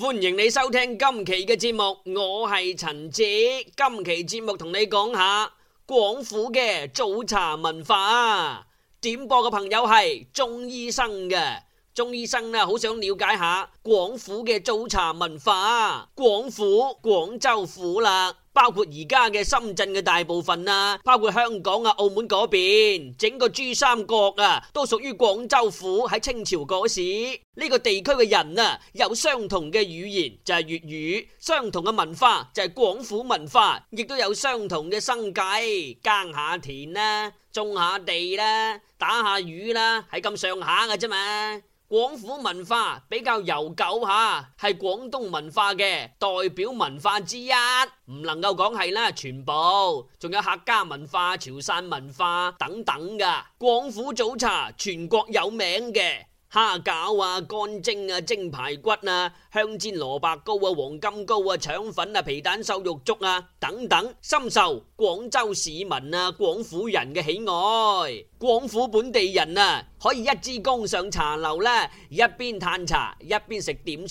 歡迎你收聽今期嘅節目，我係陳姐。今期節目同你講下廣府嘅早茶文化啊。點播嘅朋友係鍾醫生嘅，鍾醫生呢好想了解下廣府嘅早茶文化，廣府、廣州府啦。包括而家嘅深圳嘅大部分啊，包括香港啊、澳門嗰邊，整個珠三角啊，都屬於廣州府喺清朝嗰時呢，這個地區嘅人啊，有相同嘅語言就係、是、粵語，相同嘅文化就係、是、廣府文化，亦都有相同嘅生計，耕下田啦，種下地啦，打下魚啦，係咁上下嘅啫嘛。廣府文化比較悠久吓，係廣東文化嘅代表文化之一，唔能夠講係啦，全部仲有客家文化、潮汕文化等等噶。廣府早茶全國有名嘅，蝦餃啊、乾蒸啊、蒸排骨啊。香煎蘿蔔糕啊，黃金糕啊，腸粉啊，皮蛋瘦肉粥啊，等等，深受廣州市民啊、廣府人嘅喜愛。廣府本地人啊，可以一支公上茶樓咧，一邊嘆茶，一邊食點心，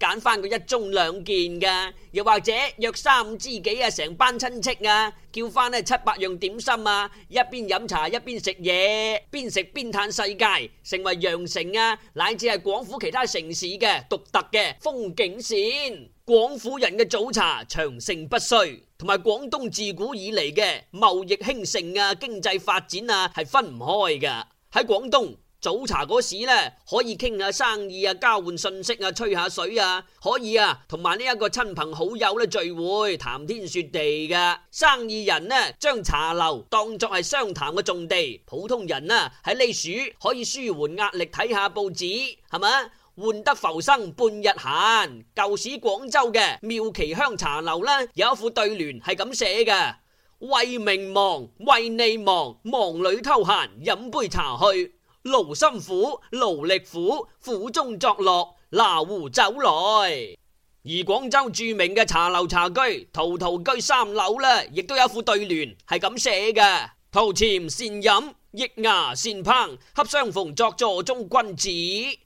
揀翻個一盅兩件噶；又或者約三五知己啊，成班親戚啊，叫翻咧七八樣點心啊，一邊飲茶，一邊食嘢，邊食邊嘆世界，成為羊城啊乃至係廣府其他城市嘅獨特嘅。風景線，廣府人嘅早茶長盛不衰，同埋廣東自古以嚟嘅貿易興盛啊，經濟發展啊係分唔開噶。喺廣東早茶嗰時呢，可以傾下生意啊，交換信息啊，吹下水啊，可以啊，同埋呢一個親朋好友咧聚會談天說地噶。生意人呢，將茶樓當作係商談嘅重地，普通人呢、啊，喺呢處可以舒緩壓力，睇下報紙，係咪？換得浮生半日閒，舊時廣州嘅妙奇香茶樓呢，有一副對聯係咁寫嘅：為名忙，為利忙，忙裏偷閒飲杯茶去；勞心苦，勞力苦，苦中作樂拿壺酒來。而廣州著名嘅茶樓茶居陶陶居三樓呢，亦都有一副對聯係咁寫嘅：陶潛善飲。易牙善烹，恰相逢作座中君子；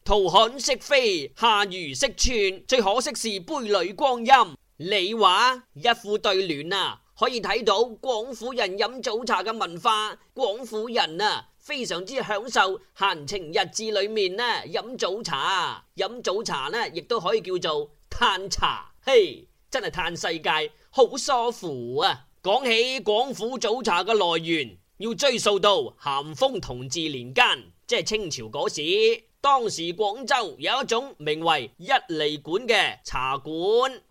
陶侃惜分，夏禹惜寸。最可惜是杯裏光陰。你話，一副對聯啊，可以睇到廣府人飲早茶嘅文化。廣府人啊，非常之享受閒情日子裏面呢、啊，飲早茶。飲早茶呢，亦都可以叫做嘆茶。嘿，真係嘆世界，好舒服啊！講起廣府早茶嘅來源。要追溯到咸豐同治年間，即係清朝嗰時，當時廣州有一種名為一厘館嘅茶館，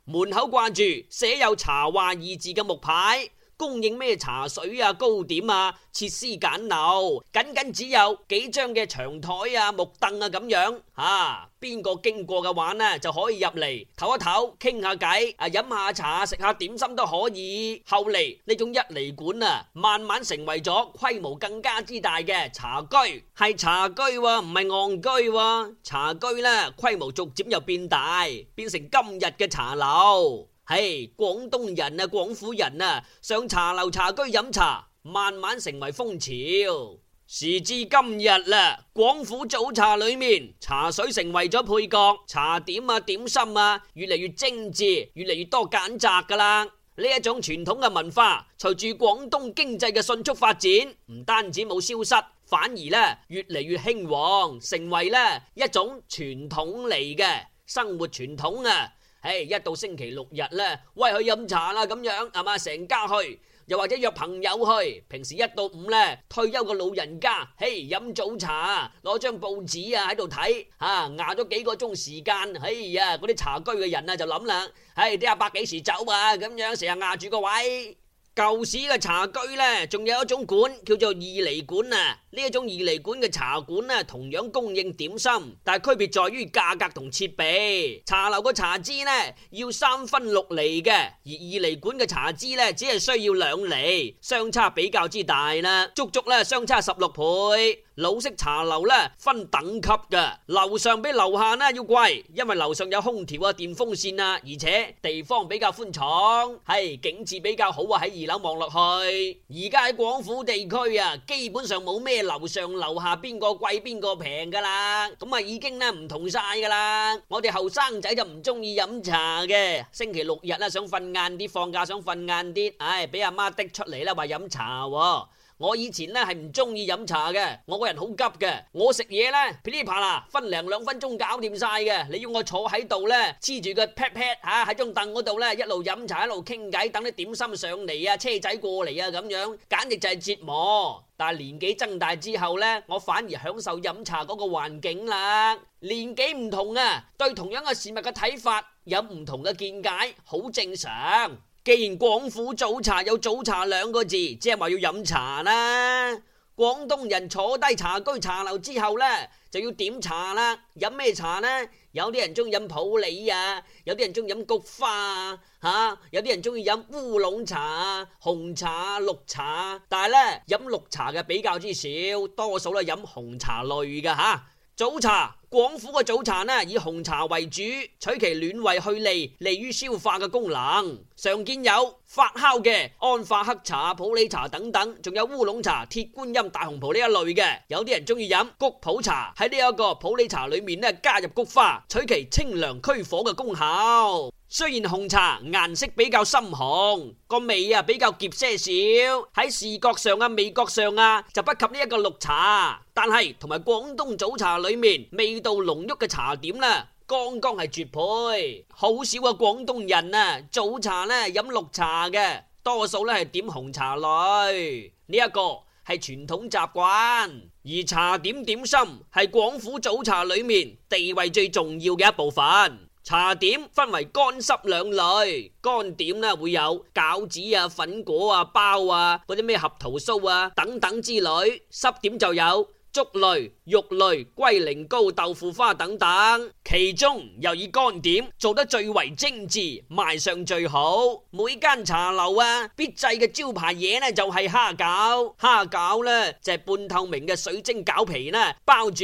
門口掛住寫有茶話二字嘅木牌。供應咩茶水啊、糕點啊，設施簡陋，僅僅只有幾張嘅長台啊、木凳啊咁樣。吓、啊，邊個經過嘅話呢，就可以入嚟唞一唞、傾下偈，啊飲下茶、食下點心都可以。後嚟呢種一厘館啊，慢慢成為咗規模更加之大嘅茶居，係茶居唔係戇居。茶居呢，規模逐漸又變大，變成今日嘅茶樓。嘿，hey, 廣東人啊，廣府人啊，上茶樓茶居飲茶，慢慢成為風潮。時至今日啦，廣府早茶裏面，茶水成為咗配角，茶點啊、點心啊，越嚟越精致，越嚟越多揀擇㗎喇。呢一種傳統嘅文化，隨住廣東經濟嘅迅速發展，唔單止冇消失，反而咧越嚟越興旺，成為咧一種傳統嚟嘅生活傳統啊。唉，hey, 一到星期六日咧，喂，去飲茶啦咁樣，係嘛，成家去，又或者約朋友去。平時一到五咧，退休個老人家，嘿，飲早茶，攞張報紙啊喺度睇，吓，壓、啊、咗幾個鐘時間，哎呀，嗰啲茶居嘅人啊就諗啦，唉，啲阿伯幾時走啊？咁樣成日壓住個位。舊時嘅茶居呢，仲有一種館叫做二厘館啊！呢一種二厘館嘅茶館咧，同樣供應點心，但係區別在於價格同設備。茶樓個茶資呢要三分六厘嘅，而二厘館嘅茶資呢只係需要兩厘，相差比較之大啦，足足咧相差十六倍。老式茶樓咧分等級嘅，樓上比樓下呢要貴，因為樓上有空調啊、電風扇啊，而且地方比較寬敞，係、哎、景致比較好啊。喺二樓望落去，而家喺廣府地區啊，基本上冇咩樓上樓下邊個貴邊個平噶啦，咁啊已經啦唔同晒噶啦。我哋後生仔就唔中意飲茶嘅，星期六日啦想瞓晏啲，放假想瞓晏啲，唉、哎，俾阿媽逼出嚟啦，話飲茶。我以前咧係唔中意飲茶嘅，我個人好急嘅。我食嘢咧噼里啪啦，分零兩,兩分鐘搞掂晒嘅。你要我坐喺度咧，黐住個 pat pat 吓喺張凳嗰度咧，一路飲茶一路傾偈，等啲點心上嚟啊，車仔過嚟啊咁樣，簡直就係折磨。但係年紀增大之後咧，我反而享受飲茶嗰個環境啦。年紀唔同啊，對同樣嘅事物嘅睇法有唔同嘅見解，好正常。既然廣府早茶有早茶兩個字，即係話要飲茶啦。廣東人坐低茶居茶樓之後呢，就要點茶啦。飲咩茶呢？有啲人中意飲普洱啊，有啲人中意飲菊花啊，吓、啊、有啲人中意飲烏龍茶啊、紅茶啊、綠茶啊。但係呢，飲綠茶嘅比較之少，多數都係飲紅茶類嘅吓、啊。早茶廣府嘅早茶呢，以紅茶為主，取其暖胃去膩，利於消化嘅功能。常見有發酵嘅安化黑茶、普洱茶等等，仲有烏龍茶、鐵觀音、大紅袍呢一類嘅。有啲人中意飲菊普茶，喺呢一個普洱茶裏面咧加入菊花，取其清涼驅火嘅功效。雖然紅茶顏色比較深紅，個味啊比較澀些少，喺視覺上啊、味覺上啊，就不及呢一個綠茶，但係同埋廣東早茶裏面味道濃郁嘅茶點啦。剛剛係絕配，好少個廣東人啊！早茶呢飲綠茶嘅，多數呢係點紅茶類，呢一個係傳統習慣。而茶點點心係廣府早茶裏面地位最重要嘅一部分。茶點分為乾濕兩類，乾點呢會有餃子啊、粉果啊、包啊、嗰啲咩核桃酥啊等等之類，濕點就有。粥類、肉類、龜苓膏、豆腐花等等，其中又以乾點做得最為精致，賣相最好。每間茶樓啊，必製嘅招牌嘢呢就係蝦餃，蝦餃呢，就係半透明嘅水晶餃皮呢，包住。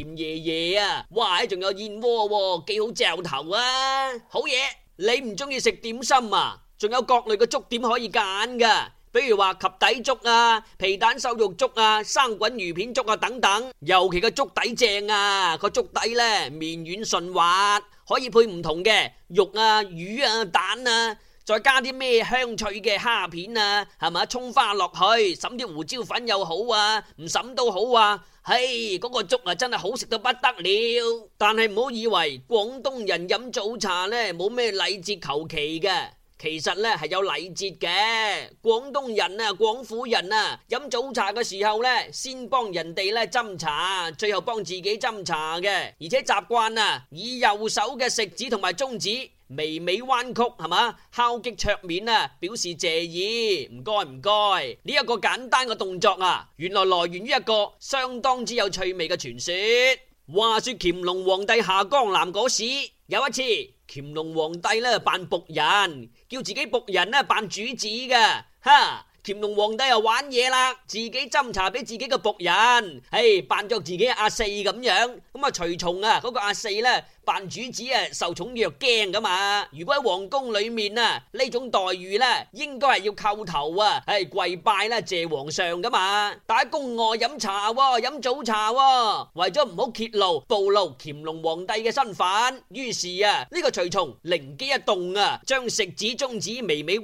甜爺爺啊，哇！仲有燕窩喎，幾好嚼頭啊，好嘢！你唔中意食點心啊？仲有各類嘅粥點可以揀㗎，比如話及第粥啊、皮蛋瘦肉粥啊、生滾魚片粥啊等等。尤其個粥底正啊，個粥底呢綿軟順滑，可以配唔同嘅肉啊、魚啊、蛋啊，再加啲咩香脆嘅蝦片啊，係咪葱花落去，什啲胡椒粉又好啊，唔什都好啊。嘿，嗰、hey，個粥啊，真係好食到不得了。但係唔好以為廣東人飲早茶呢冇咩禮節求其嘅，其實呢係有禮節嘅。廣東人啊，廣府人啊，飲早茶嘅時候呢，先幫人哋呢斟茶，最後幫自己斟茶嘅。而且習慣啊，以右手嘅食指同埋中指，微微彎曲係嘛，敲擊桌面啊，表示謝意，唔該唔該。呢一個簡單嘅動作啊，原來來源於一個相當之有趣味嘅傳說。話說乾隆皇帝下江南嗰時，有一次乾隆皇帝咧扮僕人，叫自己僕人咧扮主子嘅。吓，乾隆皇帝又玩嘢啦，自己斟茶俾自己嘅僕人，誒，扮作自己阿四咁樣。咁啊，隨從啊，嗰個阿四咧。扮主子啊，受寵若驚噶嘛！如果喺皇宮裏面啊，呢種待遇呢應該係要叩頭啊，係跪拜啦謝皇上噶嘛。但喺宮外飲茶喎，飲早茶喎，為咗唔好揭露暴露乾隆皇帝嘅身份，於是啊，呢個隨從靈機一動啊，將食指中指微微屈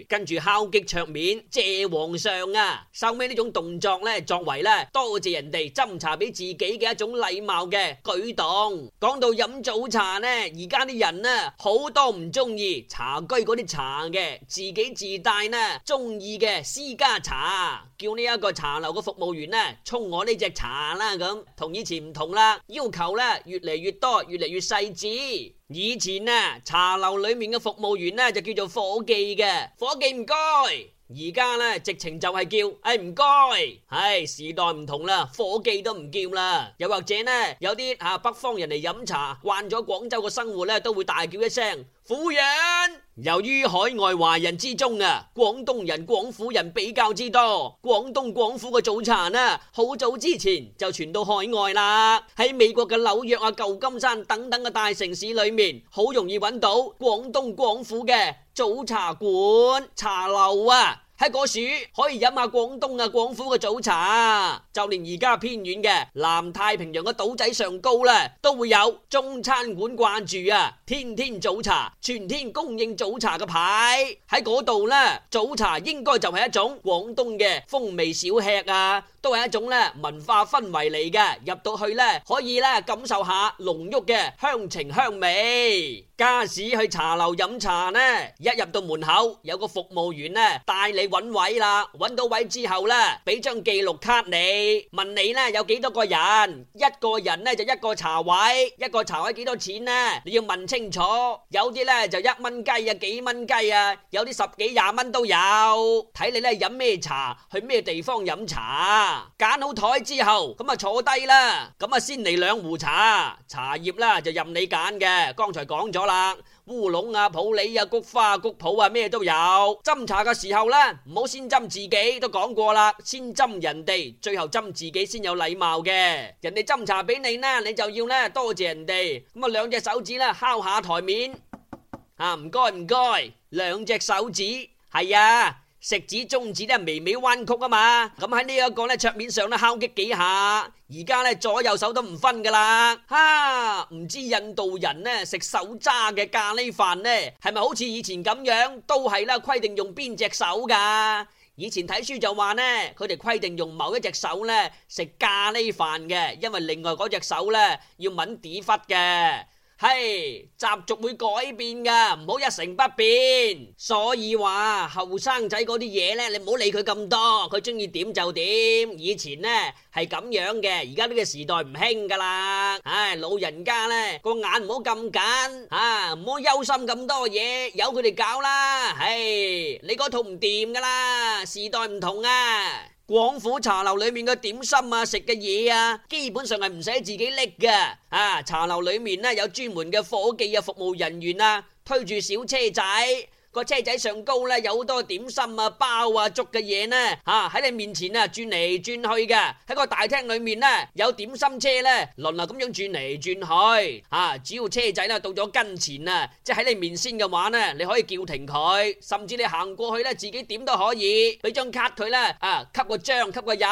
住，跟住敲擊桌面謝皇上啊，收尾呢種動作呢，作為呢多謝人哋斟茶俾自己嘅一種禮貌嘅舉動。講到飲。早茶呢，而家啲人呢，好多唔中意茶居嗰啲茶嘅，自己自帶呢，中意嘅私家茶，叫呢一個茶樓嘅服務員呢，沖我呢隻茶啦咁，同以前唔同啦，要求呢越嚟越多，越嚟越細致。以前呢，茶樓裏面嘅服務員呢，就叫做伙計嘅，伙計唔該。而家咧，呢直情就係叫，唉唔該，係時代唔同啦，伙計都唔叫啦，又或者呢，有啲北方人嚟飲茶，慣咗廣州嘅生活呢，都會大叫一聲。府人，由於海外華人之中啊，廣東人、廣府人比較之多，廣東廣府嘅早茶呢，好早之前就傳到海外啦。喺美國嘅紐約啊、舊金山等等嘅大城市裏面，好容易揾到廣東廣府嘅早茶館、茶樓啊。喺嗰處可以飲下廣東啊廣府嘅早茶，就連而家偏遠嘅南太平洋嘅島仔上高呢，都會有中餐館掛住啊，天天早茶，全天供應早茶嘅牌喺嗰度呢，早茶應該就係一種廣東嘅風味小吃啊。都係一種咧文化氛圍嚟嘅，入到去咧可以咧感受下濃郁嘅香情香味。家下去茶樓飲茶呢，一入到門口有個服務員呢帶你揾位啦，揾到位之後咧俾張記錄卡你，問你咧有幾多個人，一個人呢就一個茶位，一個茶位幾多錢呢？你要問清楚，有啲咧就一蚊雞啊，幾蚊雞啊，有啲十幾廿蚊都有，睇你咧飲咩茶，去咩地方飲茶。揀好台之後，咁啊坐低啦，咁啊先嚟兩壺茶，茶葉啦就任你揀嘅。剛才講咗啦，烏龍啊、普洱啊、菊花、菊普啊，咩都有。斟茶嘅時候呢，唔好先斟自己，都講過啦，先斟人哋，最後斟自己先有禮貌嘅。人哋斟茶俾你呢，你就要呢多謝人哋。咁啊兩隻手指呢，敲下台面，啊唔該唔該，兩隻手指係呀。食指中指咧微微彎曲啊嘛，咁喺呢一個咧桌面上咧敲擊幾下，而家咧左右手都唔分噶啦，哈，啊，唔知印度人咧食手揸嘅咖喱飯咧係咪好似以前咁樣，都係啦規定用邊隻手噶？以前睇書就話咧，佢哋規定用某一隻手咧食咖喱飯嘅，因為另外嗰隻手咧要搵紙忽嘅。係習俗會改變噶，唔好一成不變。所以話後生仔嗰啲嘢呢，你唔好理佢咁多，佢中意點就點。以前呢，係咁樣嘅，而家呢個時代唔興噶啦。唉、哎，老人家呢，個眼唔好咁緊吓，唔好憂心咁多嘢，由佢哋搞啦。唉、哎，你嗰套唔掂噶啦，時代唔同啊。廣府茶樓裏面嘅點心啊，食嘅嘢啊，基本上係唔使自己拎㗎。啊，茶樓裏面呢、啊，有專門嘅伙計啊，服務人員啊，推住小車仔。個車仔上高咧，有好多點心啊、包啊、粥嘅嘢呢，吓喺你面前啊轉嚟轉去嘅。喺個大廳裏面咧，有點心車咧輪流咁樣轉嚟轉去，吓只要車仔咧到咗跟前啊，即係喺你面先嘅話呢，你可以叫停佢，甚至你行過去咧，自己點都可以俾張卡佢咧，啊，給個章，給個印，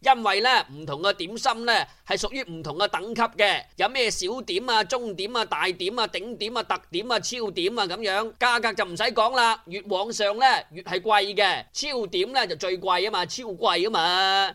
因為咧唔同嘅點心咧係屬於唔同嘅等級嘅，有咩小點啊、中點啊、大點啊、頂點啊、特點啊、超點啊咁樣，價格就唔使講啦，越往上咧，越係貴嘅，超點咧，就最貴啊嘛，超貴啊嘛。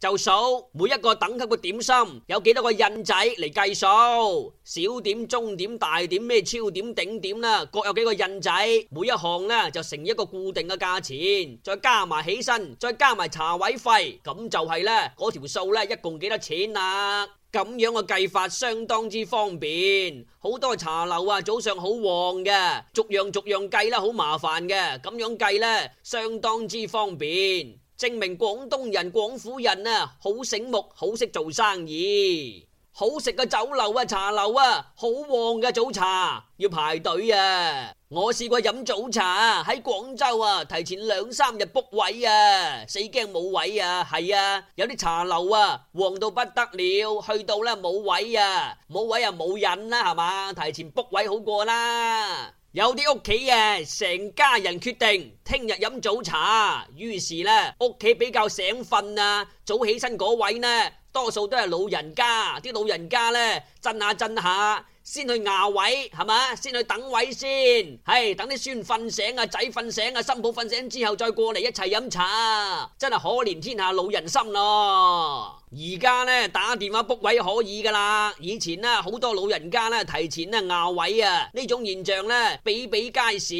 就數每一個等級嘅點心有幾多個印仔嚟計數，小點、中點、大點咩超點、頂點啦，各有幾個印仔，每一項咧就成一個固定嘅價錢，再加埋起身，再加埋茶位費，咁就係呢，嗰條數咧一共幾多錢啊？咁樣嘅計法相當之方便，好多茶樓啊早上好旺嘅，逐樣逐樣計啦，好麻煩嘅，咁樣計咧相當之方便。證明廣東人、廣府人啊，好醒目，好識做生意，好食嘅酒樓啊、茶樓啊，好旺嘅早茶要排隊啊！我試過飲早茶喺廣州啊，提前兩三日 book 位啊，死驚冇位啊！係啊，有啲茶樓啊，旺到不得了，去到咧冇位啊，冇位又冇癮啦，係嘛？提前 book 位好過啦。有啲屋企啊，成家人決定聽日飲早茶，於是咧屋企比較醒瞓啊，早起身嗰位呢，多數都係老人家，啲老人家呢，震下震下，先去牙位係咪？先去等位先，係等啲孫瞓醒啊，仔瞓醒啊，新抱瞓醒之後再過嚟一齊飲茶，真係可憐天下老人心咯。而家咧打電話 book 位可以噶啦，以前呢好多老人家呢提前啊，咬位啊，呢種現象呢比比皆是。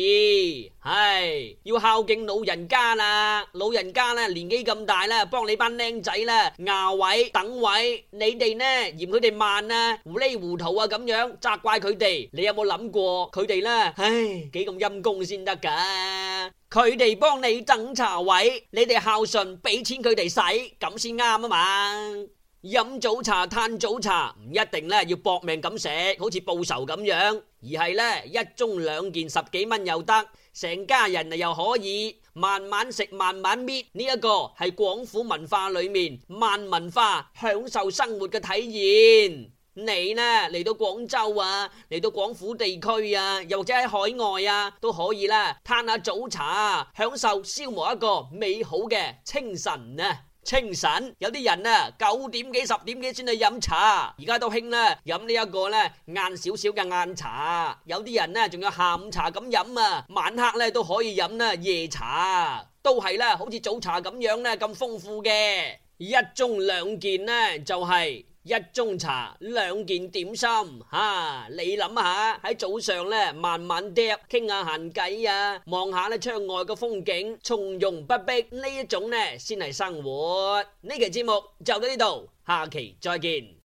唉，要孝敬老人家啦，老人家呢年紀咁大啦，幫你班僆仔啦咬位等位，你哋呢嫌佢哋慢啊，糊里糊塗啊咁樣責怪佢哋，你有冇諗過佢哋呢？唉，幾咁陰功先得噶？佢哋幫你等茶位，你哋孝順俾錢佢哋使，咁先啱啊嘛！飲早茶嘆早茶，唔一定咧要搏命咁食，好似報仇咁樣，而係咧一盅兩件十幾蚊又得，成家人又可以慢慢食慢慢搣，呢一個係廣府文化裏面慢文化享受生活嘅體驗。你呢嚟到廣州啊，嚟到廣府地區啊，又或者喺海外啊，都可以啦，嘆下早茶，享受消磨一個美好嘅清晨啊！清晨有啲人啊，九點幾十點幾先去飲茶，而家都興啦飲呢一個呢，晏少少嘅晏茶，有啲人呢，仲有下午茶咁飲啊，晚黑呢都可以飲啦，夜茶都係啦，好似早茶咁樣呢，咁豐富嘅一盅兩件呢，就係、是。一盅茶，兩件點心，吓你諗下喺早上咧，慢慢哋傾下閒偈啊，望下咧，窗外嘅風景，從容不迫呢一種咧，先係生活。呢期節目就到呢度，下期再見。